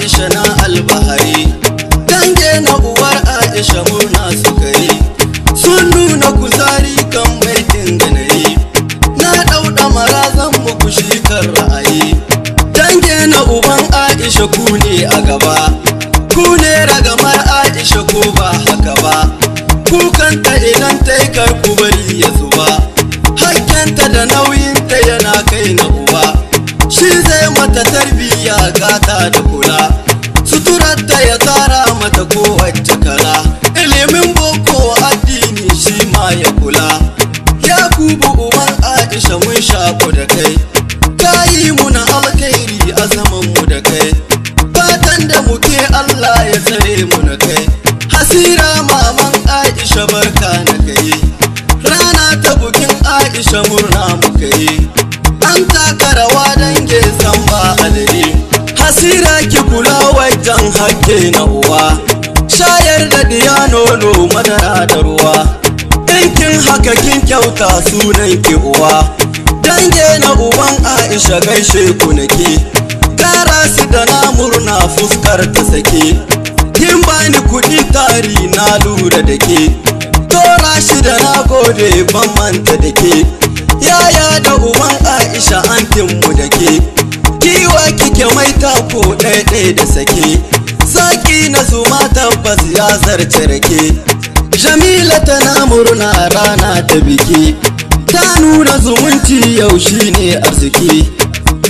aisha na albahari dange na uwar aisha muna suka yi sun nuna kuzari kan baitin ganayi na ɗauɗa marazan muku shi ra'ayi dange na uban aisha ku ne a gaba ku ne ragamar aisha ko ba haka ba kukanta idan yi karku bari ya zo yi an taka rawa don ke san ba hasira ki kula wajen hakke na uwa shayar da diya nono madara da ruwa ɗinkin haka kin kyauta sunan ki uwa dange na uban aisha gaishe ku nake gara su da na murna fuskar ta sake kin bani kuɗi tari na lura da ke tora shi da na gode ban manta da ke yaya da uwan aisha antinmu da ke kiwa kike mai tako ɗaiɗai da sake zaki na zuma tabbas ya zarce rake jamila tana murna rana ta biki ta nuna zumunci yau shine arziki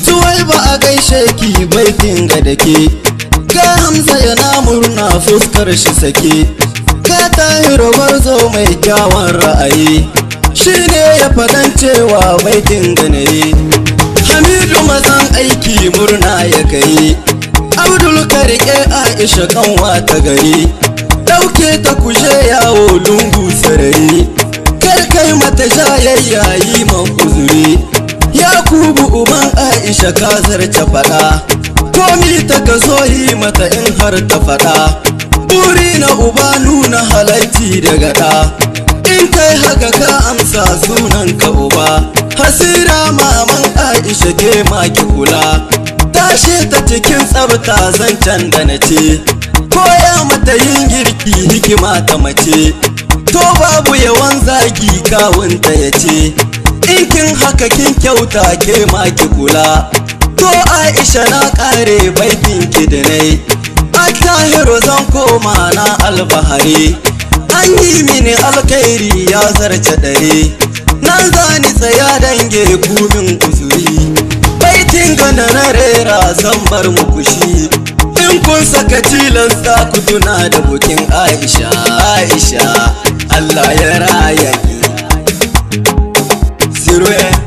zuwai ba a gaishe ki baitin ga dake ga hamza yana murna fuskar shi sake ka ta hirobar zo mai kyawun ra'ayi shi ne ya faɗan cewa baitin ganaye hamidu mazan aiki murna ya kai abdul karike aisha kanwa ta gari ɗauke ta kushe yawo lungu sarari kai kai mata shayayya yi ma uzuri ya kubu uban aisha kazar ta faɗa komi ta ka zo yi mata in har ta faɗa buri na uba nuna halarci daga ta. in kai haka ka amsa sunan ka uba hasira maman aisha ke ma ki kula tashi ta cikin tsabta can da na ce koya mata yin girki hikima ta mace to babu yawan zagi kawunta ya ce in kin haka kin kyauta ke ma ki kula to aisha na kare baikin ki da nai a zan koma na albahari an yi mini alkairi ya zarce dare nan zani tsaya dange kumin kusuri baitin gana na rera zan bar mu kushi in kun saka tilan sa ku tuna da bukin aisha aisha allah ya raya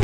ni